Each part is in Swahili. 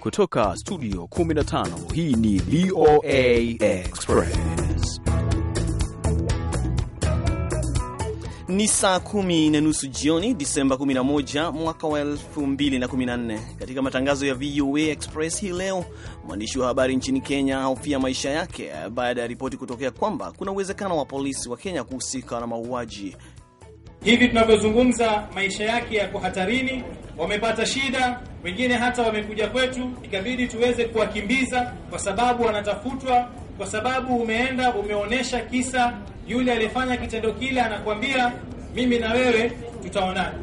Kutoka studio 15 hii ni VOA Express. Ni saa kumi na nusu jioni Disemba 11 mwaka wa 2014. Katika matangazo ya VOA Express hii leo, mwandishi wa habari nchini Kenya ahofia maisha yake baada ya ripoti kutokea kwamba kuna uwezekano wa polisi wa Kenya kuhusika na mauaji Hivi tunavyozungumza maisha yake yako hatarini, wamepata shida, wengine hata wamekuja kwetu, ikabidi tuweze kuwakimbiza kwa sababu wanatafutwa, kwa sababu umeenda umeonyesha kisa, yule aliyefanya kitendo kile anakuambia mimi na wewe tutaonana.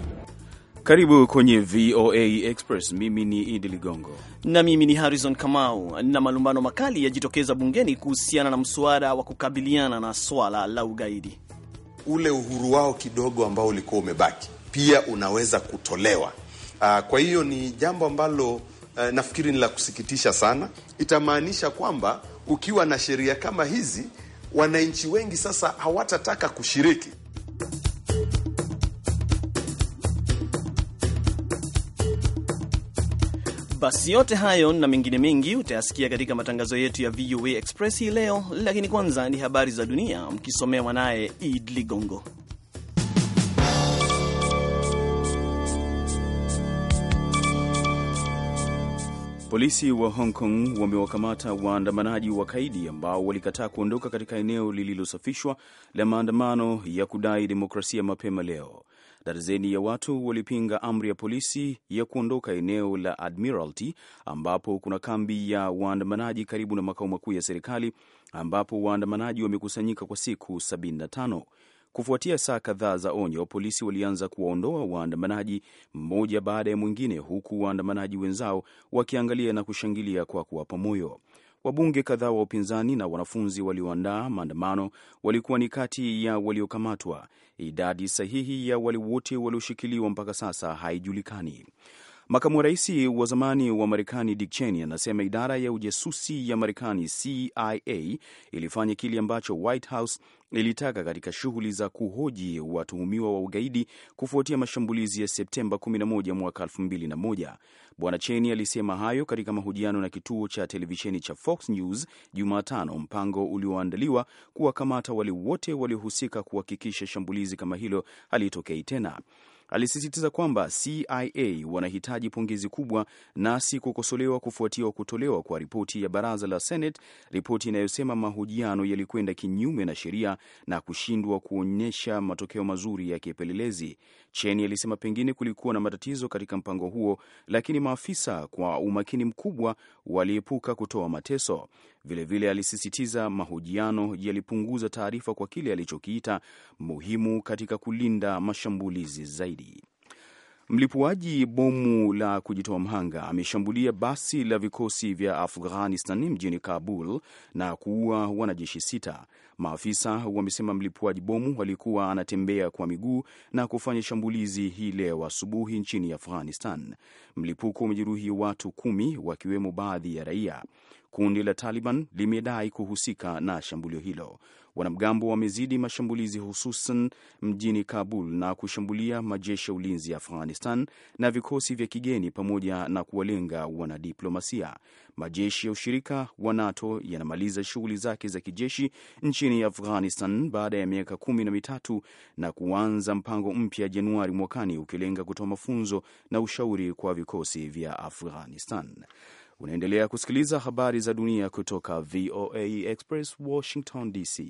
Karibu kwenye VOA Express. Mimi ni Idi Ligongo na mimi ni Harrison Kamau. Na malumbano makali yajitokeza bungeni kuhusiana na mswada wa kukabiliana na swala la ugaidi ule uhuru wao kidogo ambao ulikuwa umebaki pia unaweza kutolewa. Aa, ah, kwa hiyo ni jambo ambalo uh, nafikiri ni la kusikitisha sana. Itamaanisha kwamba ukiwa na sheria kama hizi, wananchi wengi sasa hawatataka kushiriki. Basi yote hayo na mengine mengi utayasikia katika matangazo yetu ya VOA Express hii leo, lakini kwanza ni habari za dunia mkisomewa naye Id Ligongo. Polisi wa Hong Kong wamewakamata waandamanaji wa kaidi ambao walikataa kuondoka katika eneo lililosafishwa la maandamano ya kudai demokrasia mapema leo. Darzeni ya watu walipinga amri ya polisi ya kuondoka eneo la Admiralty ambapo kuna kambi ya waandamanaji karibu na makao makuu ya serikali ambapo waandamanaji wamekusanyika kwa siku 75. Kufuatia saa kadhaa za onyo, polisi walianza kuwaondoa waandamanaji mmoja baada ya mwingine, huku waandamanaji wenzao wakiangalia na kushangilia kwa kuwapa moyo. Wabunge kadhaa wa upinzani na wanafunzi walioandaa maandamano walikuwa ni kati ya waliokamatwa. Idadi sahihi ya wale wote walioshikiliwa mpaka sasa haijulikani. Makamu wa rais wa zamani wa Marekani Dick Cheney anasema idara ya ujasusi ya Marekani CIA ilifanya kile ambacho White House ilitaka katika shughuli za kuhoji watuhumiwa wa ugaidi kufuatia mashambulizi ya Septemba 11 mwaka 2001. Bwana Cheni alisema hayo katika mahojiano na kituo cha televisheni cha Fox News Jumatano, mpango ulioandaliwa kuwakamata wale wote waliohusika kuhakikisha shambulizi kama hilo halitokei tena. Alisisitiza kwamba CIA wanahitaji pongezi kubwa na si kukosolewa kufuatia kutolewa kwa ripoti ya baraza la Senate, ripoti inayosema mahojiano yalikwenda kinyume na sheria na kushindwa kuonyesha matokeo mazuri ya kipelelezi cheni alisema pengine kulikuwa na matatizo katika mpango huo, lakini maafisa kwa umakini mkubwa waliepuka kutoa mateso. Vilevile vile alisisitiza mahojiano yalipunguza taarifa kwa kile alichokiita muhimu katika kulinda mashambulizi zaidi. Mlipuaji bomu la kujitoa mhanga ameshambulia basi la vikosi vya Afghanistan mjini Kabul na kuua wanajeshi sita. Maafisa wamesema mlipuaji bomu alikuwa anatembea kwa miguu na kufanya shambulizi hii leo asubuhi nchini Afghanistan. Mlipuko umejeruhi watu kumi, wakiwemo baadhi ya raia. Kundi la Taliban limedai kuhusika na shambulio hilo. Wanamgambo wamezidi mashambulizi hususan mjini Kabul na kushambulia majeshi ya ulinzi ya Afghanistan na vikosi vya kigeni pamoja na kuwalenga wanadiplomasia. Majeshi ya ushirika wa NATO yanamaliza shughuli zake za kijeshi nchini Afghanistan baada ya miaka kumi na mitatu na kuanza mpango mpya Januari mwakani ukilenga kutoa mafunzo na ushauri kwa vikosi vya Afghanistan. Unaendelea kusikiliza habari za dunia kutoka VOA Express, Washington DC.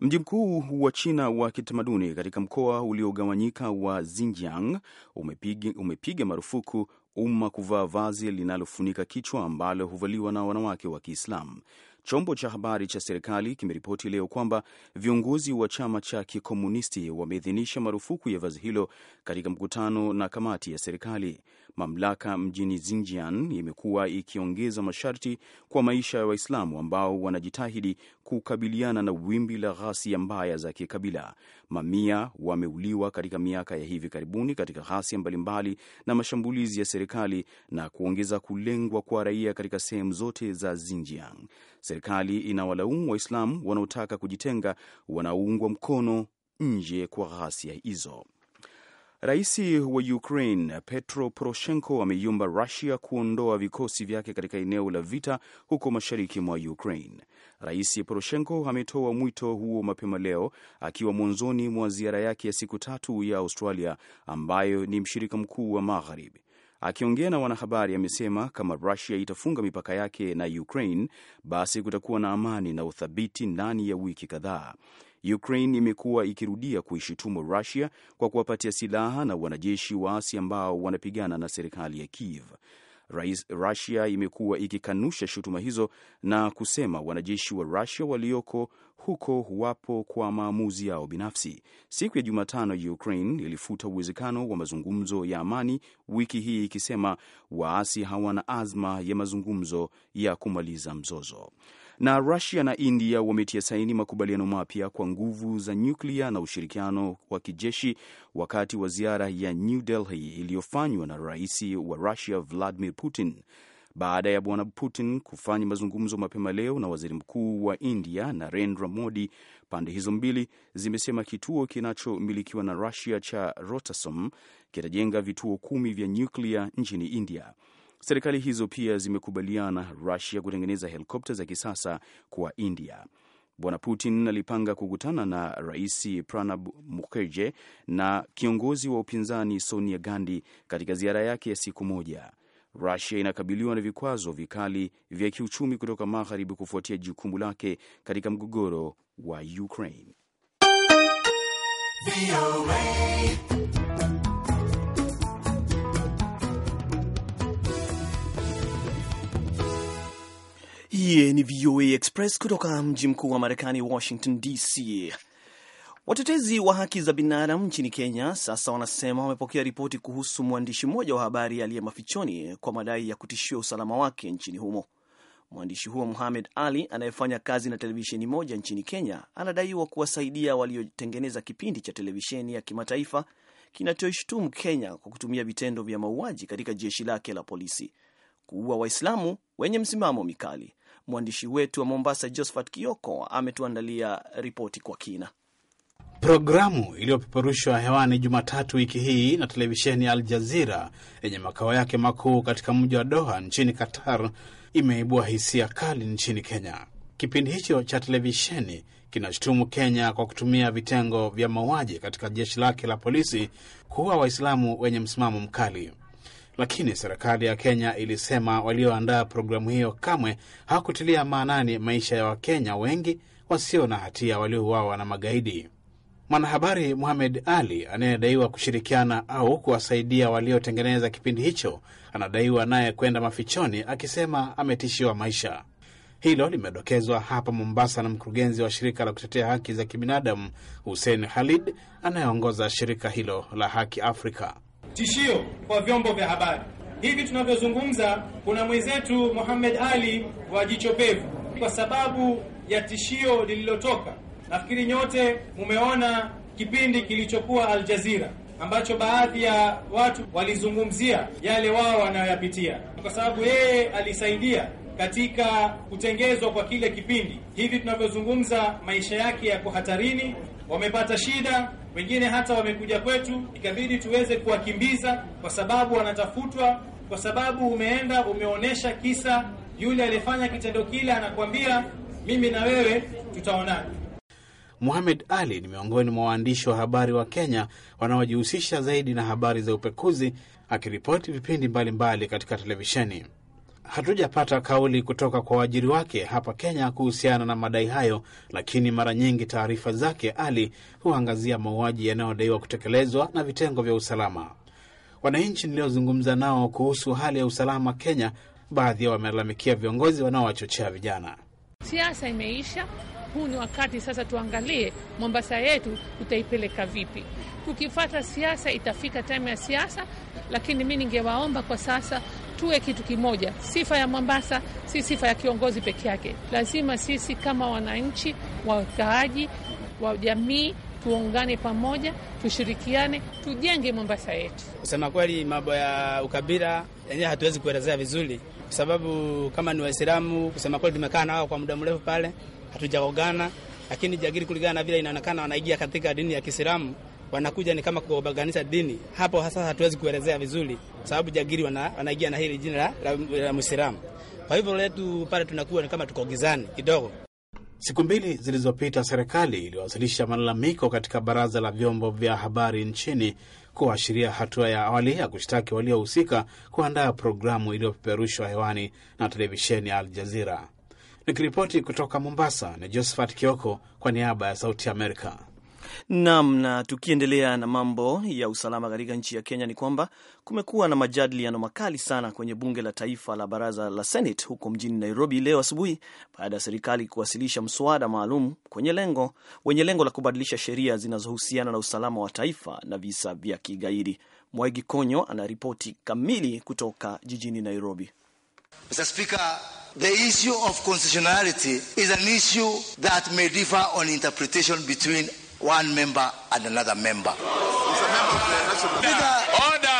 Mji mkuu wa China wa kitamaduni katika mkoa uliogawanyika wa Xinjiang umepiga umepiga marufuku umma kuvaa vazi linalofunika kichwa ambalo huvaliwa na wanawake wa Kiislamu. Chombo cha habari cha serikali kimeripoti leo kwamba viongozi wa chama cha kikomunisti wameidhinisha marufuku ya vazi hilo katika mkutano na kamati ya serikali mamlaka mjini Xinjiang imekuwa ikiongeza masharti kwa maisha ya Waislamu ambao wanajitahidi kukabiliana na wimbi la ghasia mbaya za kikabila. Mamia wameuliwa katika miaka ya hivi karibuni katika ghasia mbalimbali na mashambulizi ya serikali na kuongeza kulengwa kwa raia katika sehemu zote za Xinjiang. Serikali inawalaumu Waislamu wanaotaka kujitenga wanaoungwa mkono nje kwa ghasia hizo. Rais wa Ukraine Petro Poroshenko ameiomba Rusia kuondoa vikosi vyake katika eneo la vita huko mashariki mwa Ukraine. Rais Poroshenko ametoa mwito huo mapema leo akiwa mwanzoni mwa ziara yake ya siku tatu ya Australia ambayo ni mshirika mkuu wa Magharibi. Akiongea na wanahabari amesema kama Rusia itafunga mipaka yake na Ukraine, basi kutakuwa na amani na uthabiti ndani ya wiki kadhaa. Ukraine imekuwa ikirudia kuishutumu Rusia kwa kuwapatia silaha na wanajeshi waasi ambao wanapigana na serikali ya Kiev. Rais Rusia imekuwa ikikanusha shutuma hizo na kusema wanajeshi wa Rusia walioko huko wapo kwa maamuzi yao binafsi. Siku ya Jumatano, Ukraine ilifuta uwezekano wa mazungumzo ya amani wiki hii, ikisema waasi hawana azma ya mazungumzo ya kumaliza mzozo. Na Rusia na India wametia saini makubaliano mapya kwa nguvu za nyuklia na ushirikiano wa kijeshi wakati wa ziara ya New Delhi iliyofanywa na rais wa Rusia Vladimir Putin baada ya bwana Putin kufanya mazungumzo mapema leo na waziri mkuu wa India Narendra Modi. Pande hizo mbili zimesema kituo kinachomilikiwa na Rusia cha Rotasom kitajenga vituo kumi vya nyuklia nchini India. Serikali hizo pia zimekubaliana Rusia kutengeneza helikopta za kisasa kwa India. Bwana Putin alipanga kukutana na Rais Pranab Mukherjee na kiongozi wa upinzani Sonia Gandhi katika ziara yake ya siku moja. Rusia inakabiliwa na vikwazo vikali vya kiuchumi kutoka magharibi kufuatia jukumu lake katika mgogoro wa Ukraine. Hii ni VOA Express kutoka mji mkuu wa Marekani, Washington DC. Watetezi wa haki za binadamu nchini Kenya sasa wanasema wamepokea ripoti kuhusu mwandishi mmoja wa habari aliye mafichoni kwa madai ya kutishiwa usalama wake nchini humo. Mwandishi huo Muhamed Ali anayefanya kazi na televisheni moja nchini Kenya anadaiwa kuwasaidia waliotengeneza kipindi cha televisheni ya kimataifa kinachoshutumu Kenya kwa kutumia vitendo vya mauaji katika jeshi lake la polisi, kuua Waislamu wenye msimamo mikali Mwandishi wetu wa Mombasa, Josephat Kioko, ametuandalia ripoti kwa kina. Programu iliyopeperushwa hewani Jumatatu wiki hii na televisheni ya Al Jazira yenye makao yake makuu katika mji wa Doha nchini Qatar imeibua hisia kali nchini Kenya. Kipindi hicho cha televisheni kinashutumu Kenya kwa kutumia vitengo vya mauaji katika jeshi lake la polisi kuua Waislamu wenye msimamo mkali lakini serikali ya Kenya ilisema walioandaa programu hiyo kamwe hawakutilia maanani maisha ya Wakenya wengi wasio na hatia waliouawa na magaidi. Mwanahabari Muhamed Ali anayedaiwa kushirikiana au kuwasaidia waliotengeneza kipindi hicho anadaiwa naye kwenda mafichoni akisema ametishiwa maisha. Hilo limedokezwa hapa Mombasa na mkurugenzi wa shirika la kutetea haki za kibinadamu Hussein Khalid anayeongoza shirika hilo la Haki Afrika tishio kwa vyombo vya habari. Hivi tunavyozungumza, kuna mwenzetu Muhammad Ali wa Jicho Pevu, kwa sababu ya tishio lililotoka. Nafikiri nyote mumeona kipindi kilichokuwa Al Jazeera ambacho baadhi ya watu walizungumzia yale wao wanayoyapitia, kwa sababu yeye alisaidia katika kutengezwa kwa kile kipindi. Hivi tunavyozungumza, maisha yake yako hatarini, wamepata shida wengine hata wamekuja kwetu ikabidi tuweze kuwakimbiza kwa sababu wanatafutwa, kwa sababu umeenda umeonyesha kisa, yule aliyefanya kitendo kile anakuambia mimi na wewe tutaonana. Muhamed Ali ni miongoni mwa waandishi wa habari wa Kenya wanaojihusisha zaidi na habari za upekuzi, akiripoti vipindi mbalimbali mbali katika televisheni hatujapata kauli kutoka kwa waajiri wake hapa Kenya kuhusiana na madai hayo, lakini mara nyingi taarifa zake Ali huangazia mauaji yanayodaiwa kutekelezwa na vitengo vya usalama. Wananchi niliozungumza nao kuhusu hali ya usalama Kenya, baadhi yao wamelalamikia viongozi wanaowachochea vijana. Siasa imeisha. Huu ni wakati sasa tuangalie Mombasa yetu tutaipeleka vipi. Tukifata siasa itafika taimu ya siasa, lakini mi ningewaomba kwa sasa tuwe kitu kimoja. Sifa ya Mombasa si sifa ya kiongozi peke yake, lazima sisi kama wananchi, wakaaji wa jamii tuungane pamoja, tushirikiane, tujenge Mombasa yetu. Kusema kweli, mambo ya ukabila yenyewe hatuwezi kuelezea vizuri, kwa sababu kama ni Waislamu, kusema kweli, tumekaa nao kwa muda mrefu pale, hatujaogana, lakini jagiri kulingana na vile inaonekana wanaigia katika dini ya Kiislamu wanakuja ni kama kuobaganisha dini. Hapo hasa hatuwezi kuelezea vizuri, sababu jagiri wana, na hili jina la, la, la Muislamu. Kwa hivyo letu pale tunakuwa ni kama tuko gizani kidogo. Siku mbili zilizopita, serikali iliwasilisha malalamiko katika baraza la vyombo vya habari nchini kuashiria hatua ya awali ya kushtaki waliohusika kuandaa programu iliyopeperushwa hewani na televisheni ya Al Jazira. Nikiripoti kutoka Mombasa ni Josephat Kioko kwa niaba ya Sauti Amerika. Naam, na tukiendelea na mambo ya usalama katika nchi ya Kenya ni kwamba kumekuwa na majadiliano makali sana kwenye bunge la taifa la baraza la Senate huko mjini Nairobi leo asubuhi baada ya serikali kuwasilisha mswada maalum kwenye lengo wenye lengo la kubadilisha sheria zinazohusiana na usalama wa taifa na visa vya kigaidi. Mwaigi Konyo ripoti kamili kutoka jijini Nairobi. Mr. Speaker, the issue of constitutionality is an issue that may differ on interpretation between one member and another member. member Order!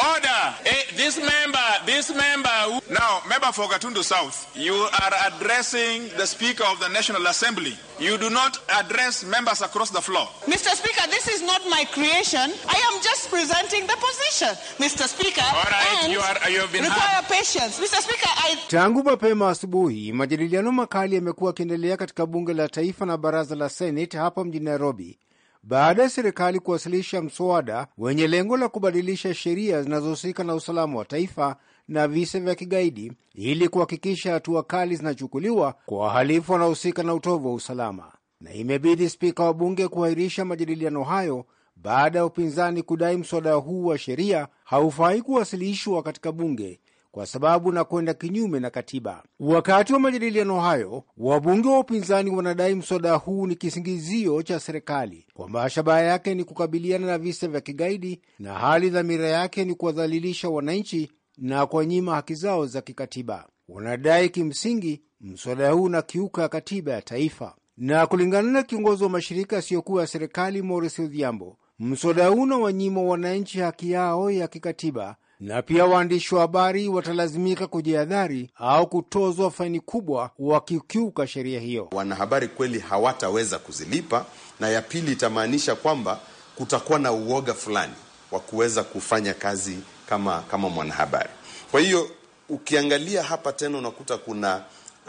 Order! Hey, eh, this member This member who... Now, member for Gatundu South, you are addressing the Speaker of the National Assembly. You do not address members across the floor. Mr. Speaker, this is not my creation. I am just presenting the position, Mr. Speaker. All right, and you are, you have been require hard. patience. Mr. Speaker, I... Tangu mapema asubuhi, majadiliano makali yamekuwa yakiendelea katika bunge la taifa na baraza la Senate hapa mjini Nairobi baada ya serikali kuwasilisha mswada wenye lengo la kubadilisha sheria zinazohusika na usalama wa taifa na visa vya kigaidi ili kuhakikisha hatua kali zinachukuliwa kwa wahalifu wanaohusika na utovu wa usalama, na imebidi spika wa bunge kuahirisha majadiliano hayo baada ya upinzani kudai mswada huu wa sheria haufai kuwasilishwa katika bunge kwa sababu na kwenda kinyume na katiba. Wakati wa majadiliano hayo, wabunge wa upinzani wanadai mswada huu ni kisingizio cha serikali kwamba shabaha yake ni kukabiliana na visa vya kigaidi na hali dhamira yake ni kuwadhalilisha wananchi na kuwanyima haki zao za kikatiba. Wanadai kimsingi mswada huu unakiuka katiba ya taifa, na kulingana na kiongozi wa mashirika yasiyokuwa ya serikali moris Odhiambo, mswada huu unawanyima wananchi haki yao ya kikatiba, na pia waandishi wa habari watalazimika kujihadhari au kutozwa faini kubwa wakikiuka sheria hiyo. Wanahabari kweli hawataweza kuzilipa, na ya pili itamaanisha kwamba kutakuwa na uoga fulani wa kuweza kufanya kazi kama, kama mwanahabari. Kwa hiyo ukiangalia hapa tena unakuta kuna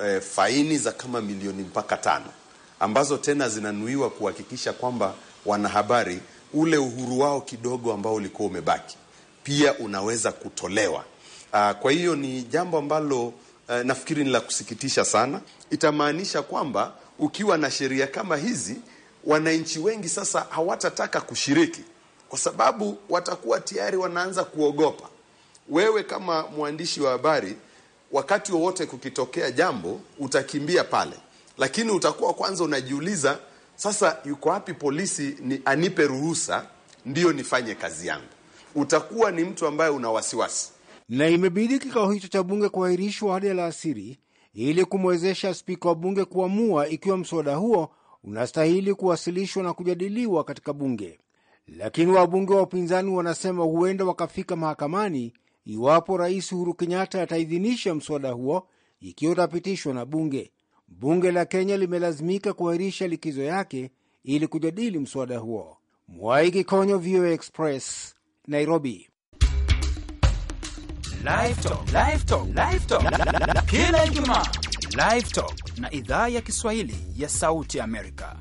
e, faini za kama milioni mpaka tano ambazo tena zinanuiwa kuhakikisha kwamba wanahabari ule uhuru wao kidogo ambao ulikuwa umebaki pia unaweza kutolewa. Aa, ah, kwa hiyo ni jambo ambalo e, nafikiri ni la kusikitisha sana. Itamaanisha kwamba ukiwa na sheria kama hizi, wananchi wengi sasa hawatataka kushiriki kwa sababu watakuwa tayari wanaanza kuogopa. Wewe kama mwandishi wa habari, wakati wowote kukitokea jambo utakimbia pale, lakini utakuwa kwanza unajiuliza, sasa yuko wapi polisi ni anipe ruhusa ndiyo nifanye kazi yangu? Utakuwa ni mtu ambaye una wasiwasi. Na imebidi kikao hicho cha bunge kuahirishwa hadi alasiri ili kumwezesha spika wa bunge kuamua ikiwa mswada huo unastahili kuwasilishwa na kujadiliwa katika bunge lakini wabunge wa upinzani wanasema huenda wakafika mahakamani iwapo Rais Uhuru Kenyatta ataidhinisha mswada huo ikiwa utapitishwa na bunge. Bunge la Kenya limelazimika kuahirisha likizo yake ili kujadili mswada huo. Mwai Kikonyo, VOA Express, Nairobi. Kila Ijumaa Live Talk na idhaa ya Kiswahili ya Sauti Amerika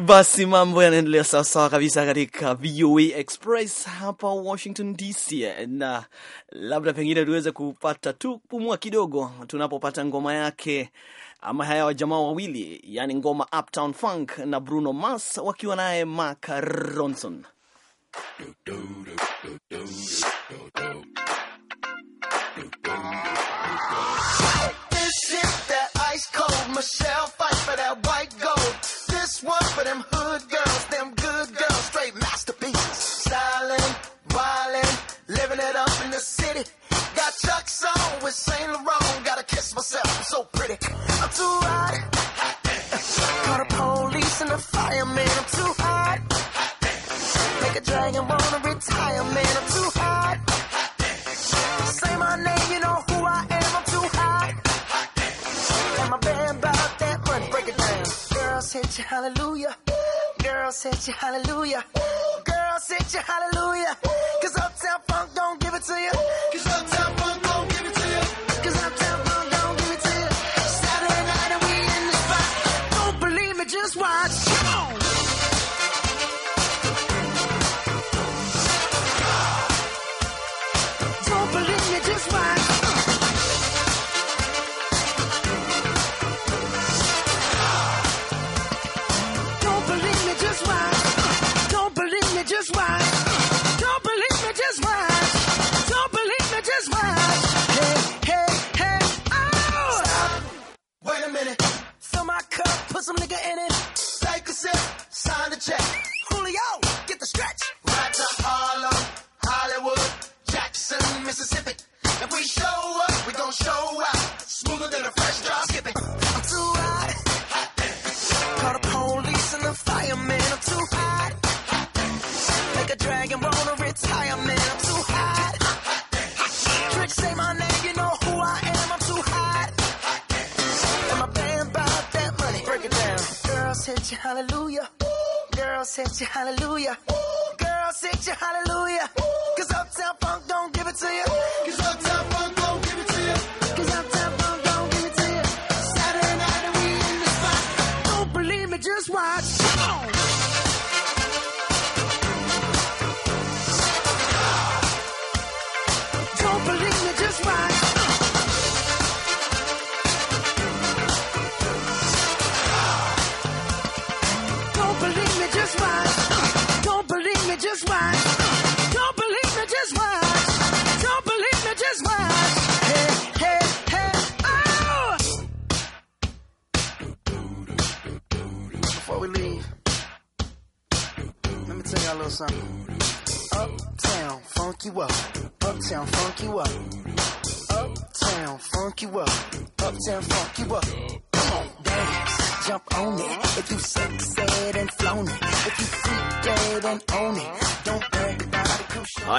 Basi mambo yanaendelea sawasawa kabisa katika VOA Express hapa Washington DC, na labda pengine tuweze kupata tu pumua kidogo tunapopata ngoma yake ama haya wajamaa wawili, yani ngoma Uptown Funk na Bruno Mars wakiwa naye Mark Ronson.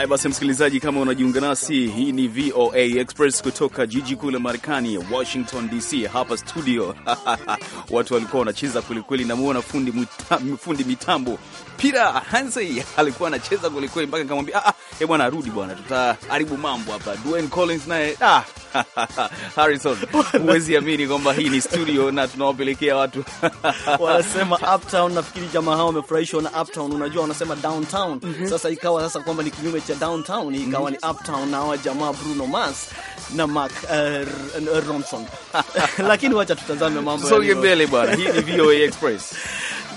Haya basi, msikilizaji, kama unajiunga nasi, hii ni VOA Express kutoka jiji kuu la Marekani, Washington DC. Hapa studio watu walikuwa wanacheza kwelikweli. Namuona fundi, fundi mitambo pira Hansi alikuwa anacheza kwelikweli mpaka kamwambia ah, ah E bwana, arudi bwana, tutaharibu mambo hapa. Dwayne Collins naye ah, Harrison, huwezi amini kwamba hii ni studio na tunawapelekea watu wanasema uptown. Nafikiri jamaa hao wamefurahishwa na uptown, unajua wanasema downtown. mm -hmm. Sasa ikawa sasa kwamba ni kinyume cha downtown, ikawa mm -hmm. ni mhm. uptown na hawa jamaa Bruno Mars na Mark uh, Ronson lakini wacha tutazame mambo, songe mbele bwana. Hii ni VOA Express.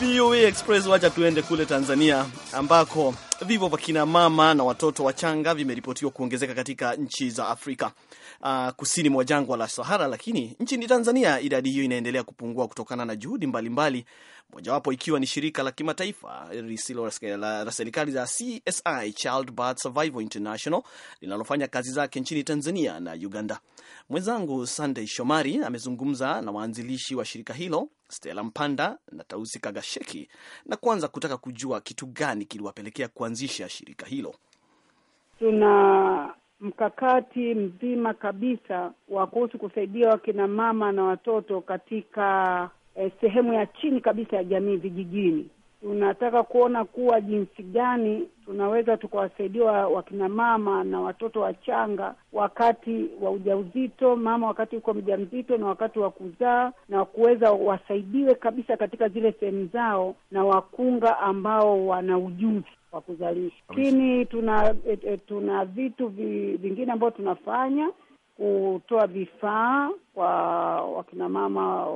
VOA Express, wacha tuende kule Tanzania ambako vivo vya kina mama na watoto wachanga vimeripotiwa kuongezeka katika nchi za Afrika uh, kusini mwa jangwa la Sahara, lakini nchini Tanzania idadi hiyo inaendelea kupungua kutokana na juhudi mbalimbali mojawapo ikiwa ni shirika la kimataifa lisilo la serikali za CSI Child Birth Survival International linalofanya kazi zake nchini Tanzania na Uganda. Mwenzangu sandey Shomari amezungumza na waanzilishi wa shirika hilo Stella Mpanda na Tausi Kagasheki na kwanza kutaka kujua kitu gani kiliwapelekea kuanzisha shirika hilo. Tuna mkakati mzima kabisa wa kuhusu kusaidia wakina mama na watoto katika eh, sehemu ya chini kabisa ya jamii vijijini. Tunataka kuona kuwa jinsi gani tunaweza tukawasaidia wakina mama na watoto wachanga wakati wa ujauzito, mama wakati uko mjamzito na wakati wa kuzaa, na kuweza wasaidiwe kabisa katika zile sehemu zao na wakunga ambao wana ujuzi wa kuzalisha. Lakini tuna, e, e, tuna vitu vi, vingine ambavyo tunafanya kutoa vifaa kwa wakinamama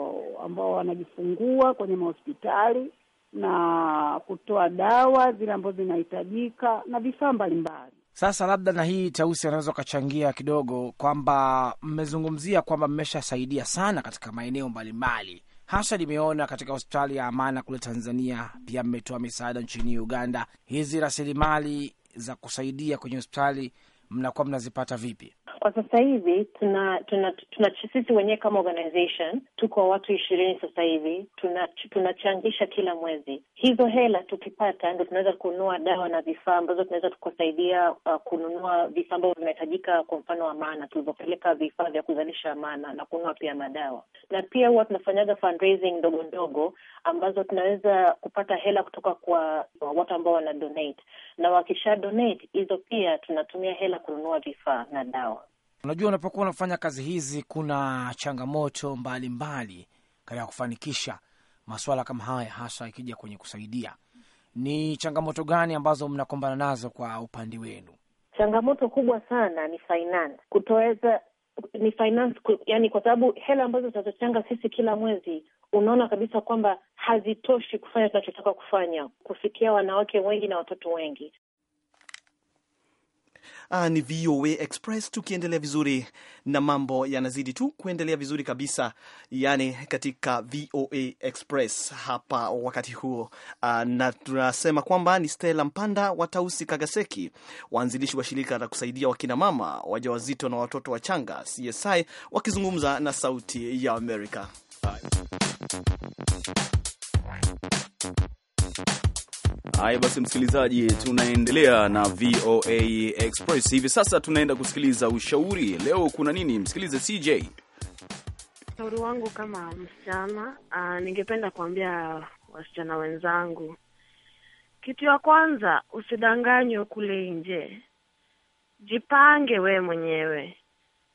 ambao wanajifungua kwenye mahospitali na kutoa dawa zile ambazo zinahitajika na vifaa mbalimbali. Sasa labda na hii Tausi anaweza ukachangia kidogo, kwamba mmezungumzia kwamba mmeshasaidia sana katika maeneo mbalimbali, hasa nimeona katika hospitali ya Amana kule Tanzania, pia mmetoa misaada nchini Uganda. Hizi rasilimali za kusaidia kwenye hospitali mnakuwa mnazipata vipi? Kwa sasa hivi tuna, tuna, tuna, tuna sisi wenyewe kama organization tuko watu ishirini sasa hivi tunachangisha, tuna kila mwezi. Hizo hela tukipata ndo tunaweza kununua dawa na vifaa ambazo tunaweza tukasaidia uh, kununua vifaa ambavyo vinahitajika, kwa mfano amana, tulivyopeleka vifaa vya kuzalisha amana na kununua pia madawa, na pia huwa tunafanyaga fundraising ndogo ndogo ambazo tunaweza kupata hela kutoka kwa watu ambao wana donate, na wakisha donate hizo pia tunatumia hela kununua vifaa na dawa. Unajua, unapokuwa unafanya kazi hizi kuna changamoto mbalimbali katika kufanikisha maswala kama haya, hasa ikija kwenye kusaidia. Ni changamoto gani ambazo mnakumbana nazo kwa upande wenu? Changamoto kubwa sana ni finance, kutoweza ni finance, yani kwa sababu hela ambazo tunazochanga sisi kila mwezi unaona kabisa kwamba hazitoshi kufanya tunachotaka kufanya, kufikia wanawake wengi na watoto wengi. Aa, ah, ni VOA Express tukiendelea vizuri na mambo yanazidi tu kuendelea vizuri kabisa, yani katika VOA Express hapa wakati huo. Aa, ah, na tunasema kwamba ni Stella Mpanda wa Tausi Kagaseki, waanzilishi wa shirika la kusaidia wakinamama wajawazito na watoto wachanga CSI, wakizungumza na Sauti ya Amerika. Haya basi, msikilizaji, tunaendelea na VOA Express. Hivi sasa tunaenda kusikiliza ushauri. Leo kuna nini? Msikilize CJ. Ushauri wangu kama msichana, ah, ningependa kuambia wasichana wenzangu, kitu ya kwanza, usidanganywe kule nje, jipange wee mwenyewe,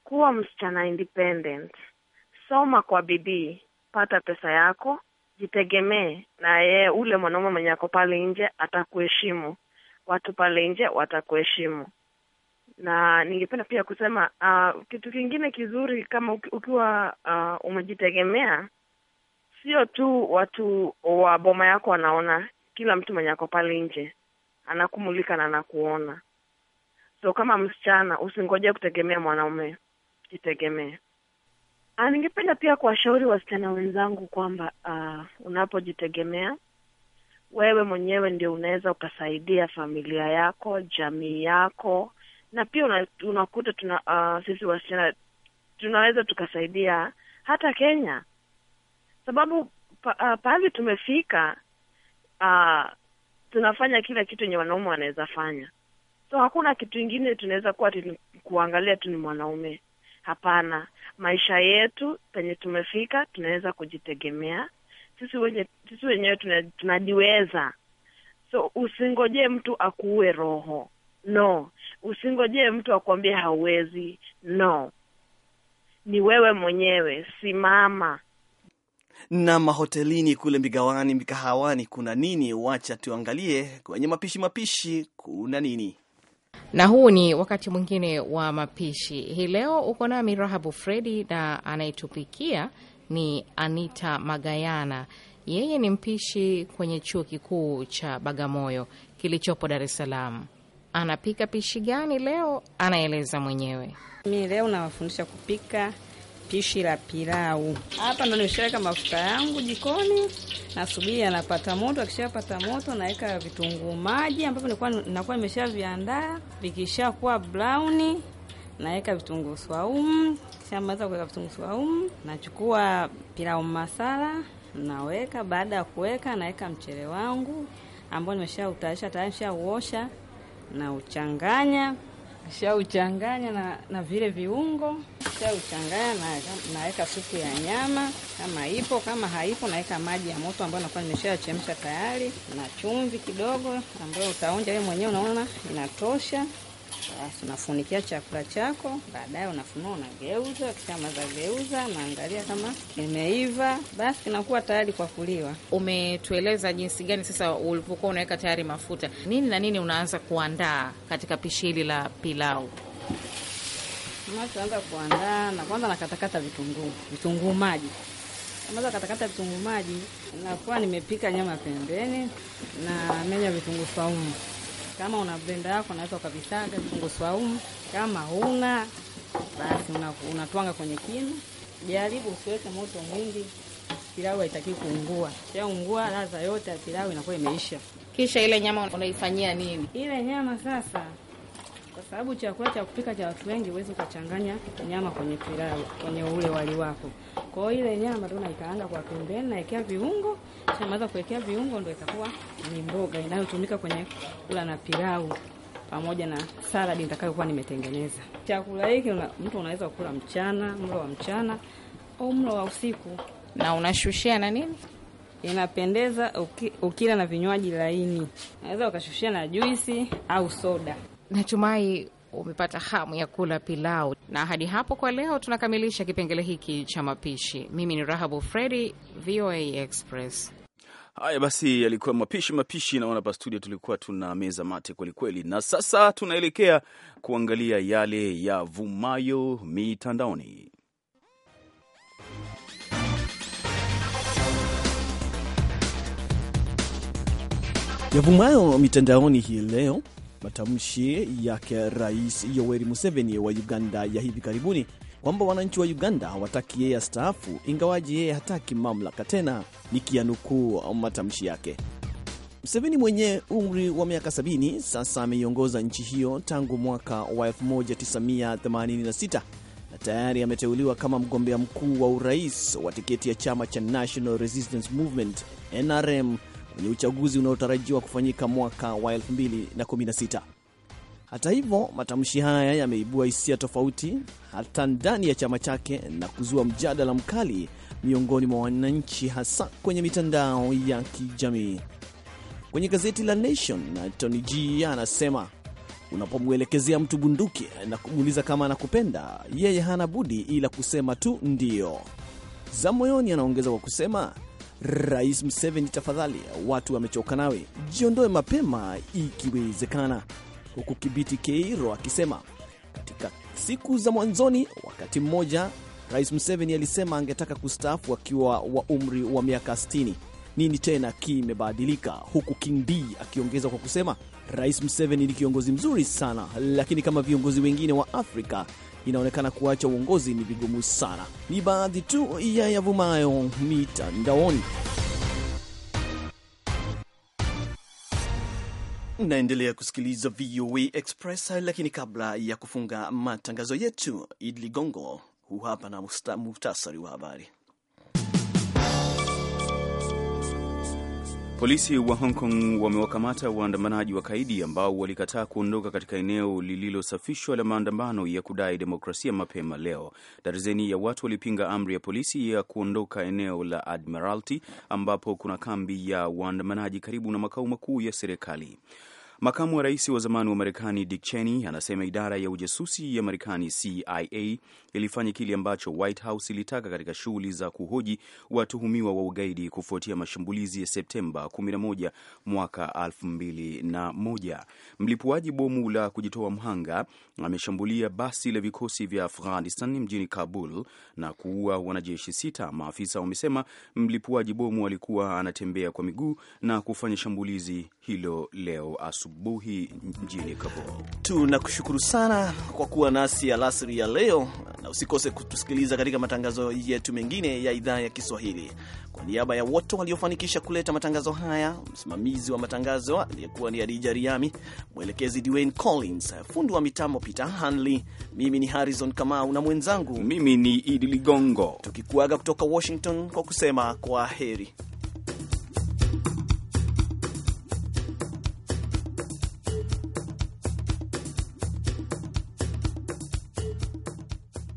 kuwa msichana independent, soma kwa bidii, pata pesa yako jitegemee, na yeye ule mwanaume mwenye ako pale nje atakuheshimu, watu pale nje watakuheshimu. Na ningependa pia kusema uh, kitu kingine kizuri kama ukiwa uh, umejitegemea, sio tu watu wa boma yako wanaona, kila mtu mwenye ako pale nje anakumulika na anakuona. So kama msichana, usingoje kutegemea mwanaume, jitegemee. Ah, ningependa pia kuwashauri wasichana wenzangu kwamba uh, unapojitegemea wewe mwenyewe ndio unaweza ukasaidia familia yako, jamii yako, na pia una, unakuta tuna, uh, sisi wasichana tunaweza tukasaidia hata Kenya sababu pa, uh, pahali tumefika uh, tunafanya kila kitu yenye wanaume wanaweza fanya, so hakuna kitu ingine tunaweza kuwa kuangalia tu ni mwanaume Hapana, maisha yetu penye tumefika, tunaweza kujitegemea sisi wenye, sisi wenyewe tunajiweza. So usingojee mtu akuue roho, no. Usingojee mtu akuambie hauwezi, no. Ni wewe mwenyewe, simama na mahotelini kule migawani mikahawani, kuna nini? Wacha tuangalie kwenye mapishi mapishi, kuna nini? na huu ni wakati mwingine wa mapishi. Hii leo uko nami Rahabu Fredi na anayetupikia ni Anita Magayana. Yeye ni mpishi kwenye chuo kikuu cha Bagamoyo kilichopo Dar es Salaam. Anapika pishi gani leo? Anaeleza mwenyewe. Mi leo nawafundisha kupika pishi la pilau. Hapa ndo nimeshaweka mafuta yangu jikoni, nasubiri anapata moto. Akishapata moto, naweka vitunguu maji ambavyo nilikuwa nakuwa nimeshaviandaa. Vikishakuwa brown, naweka vitunguu swaumu. Kishamaliza kuweka vitunguu swaumu, nachukua pilau masala naweka. Baada ya kuweka, naweka mchele wangu ambao nimeshautayarisha tayari, nishauosha na uchanganya uchanganya na, na vile viungo uchanganya na, naweka supu ya nyama kama ipo, kama haipo naweka maji ya moto ambayo nakuwa nimeshayachemsha tayari na chumvi kidogo ambayo utaonja wewe mwenyewe, unaona inatosha. Basi unafunikia chakula chako, baadaye unafunua, unageuza. Ukishamaliza geuza, naangalia kama imeiva, basi kinakuwa tayari kwa kuliwa. Umetueleza jinsi gani sasa ulivyokuwa unaweka tayari mafuta, nini na nini unaanza kuandaa katika pishi hili la pilau? Tunaanza kuandaa na kwanza nakatakata vitunguu, vitunguu maji maza katakata vitunguu maji, nakuwa nimepika nyama pembeni na menya vitunguu saumu kama una blender yako unaweza ukavisaga vitunguu swaumu. Kama huna basi unatwanga una kwenye kinu. Jaribu usiweke moto mwingi, pilau haitakiwi kuungua. ungua, ladha yote ya pilau inakuwa imeisha. Kisha ile nyama unaifanyia nini? Ile nyama sasa kwa sababu chakula cha kupika cha watu wengi huwezi ukachanganya nyama kwenye pilau, kwenye ule wali wako. Kwa hiyo ile nyama tu naikaanga kwa pembeni, naekea viungo, Amaweza kuwekea viungo, ndo itakuwa ni mboga inayotumika kwenye kula na pilau pamoja na saladi nitakayokuwa nimetengeneza. Chakula hiki una, mtu unaweza kula mchana, mlo wa mchana au mlo wa usiku, na unashushia na nini, inapendeza ukila na vinywaji laini, unaweza ukashushia na juisi au soda. Natumai umepata hamu ya kula pilau. Na hadi hapo kwa leo tunakamilisha kipengele hiki cha mapishi. Mimi ni Rahabu Fredi, VOA Express. Haya basi, yalikuwa mapishi mapishi. Naona pa studio tulikuwa tuna meza mate kwelikweli, na sasa tunaelekea kuangalia yale ya vumayo mitandaoni. Yavumayo mitandaoni hii leo, matamshi yake Rais Yoweri Museveni wa Uganda ya hivi karibuni kwamba wananchi wa Uganda hawataki yeye astaafu, ingawaji yeye hataki mamlaka tena, nikianukuu matamshi yake. Mseveni mwenye umri wa miaka 70 sasa ameiongoza nchi hiyo tangu mwaka wa 1986 na tayari ameteuliwa kama mgombea mkuu wa urais wa tiketi ya chama cha National Resistance Movement NRM kwenye uchaguzi unaotarajiwa kufanyika mwaka wa 2016. Hata hivyo, matamshi haya yameibua hisia tofauti hata ndani ya chama chake na kuzua mjadala mkali miongoni mwa wananchi, hasa kwenye mitandao ya kijamii. Kwenye gazeti la Nation, Tony G anasema unapomwelekezea mtu bunduki na kumuuliza kama anakupenda, yeye hana budi ila kusema tu ndiyo. Za moyoni anaongeza kwa kusema Rais Museveni, tafadhali, watu wamechoka nawe, jiondoe mapema ikiwezekana huku Kibiti Keiro akisema katika siku za mwanzoni, wakati mmoja Rais Museveni alisema angetaka kustaafu akiwa wa umri wa miaka 60. Nini tena kimebadilika? Huku King D akiongeza kwa kusema Rais Museveni ni kiongozi mzuri sana, lakini kama viongozi wengine wa Afrika inaonekana kuacha uongozi ni vigumu sana. Ni baadhi tu ya yavumayo mitandaoni. Naendelea kusikiliza VOA Express, lakini kabla ya kufunga matangazo yetu, Idi Ligongo hu hapa na muhtasari wa habari. Polisi wa Hong Kong wamewakamata waandamanaji wa kaidi ambao walikataa kuondoka katika eneo lililosafishwa la maandamano ya kudai demokrasia mapema leo. Darzeni ya watu walipinga amri ya polisi ya kuondoka eneo la Admiralty ambapo kuna kambi ya waandamanaji karibu na makao makuu ya serikali. Makamu wa rais wa zamani wa Marekani Dick Cheney anasema idara ya ujasusi ya Marekani CIA ilifanya kile ambacho White House ilitaka katika shughuli za kuhoji watuhumiwa wa ugaidi kufuatia mashambulizi ya Septemba 11 mwaka 2001. Mlipuaji bomu la kujitoa mhanga ameshambulia basi la vikosi vya Afghanistan mjini Kabul na kuua wanajeshi sita. Maafisa wamesema mlipuaji bomu alikuwa anatembea kwa miguu na kufanya shambulizi hilo leo asubuhi mjini Kabul. Tunakushukuru sana kwa kuwa nasi alasiri ya leo na usikose kutusikiliza katika matangazo yetu mengine ya idhaa ya Kiswahili. Kwa niaba ya wote waliofanikisha kuleta matangazo haya, msimamizi wa matangazo aliyekuwa ni Adija Riami, mwelekezi Dwayne Collins, fundi wa mitambo Peter Hanley, mimi ni Harrison Kamau na mwenzangu mimi ni Idi Ligongo, tukikuaga kutoka Washington kwa kusema kwa heri.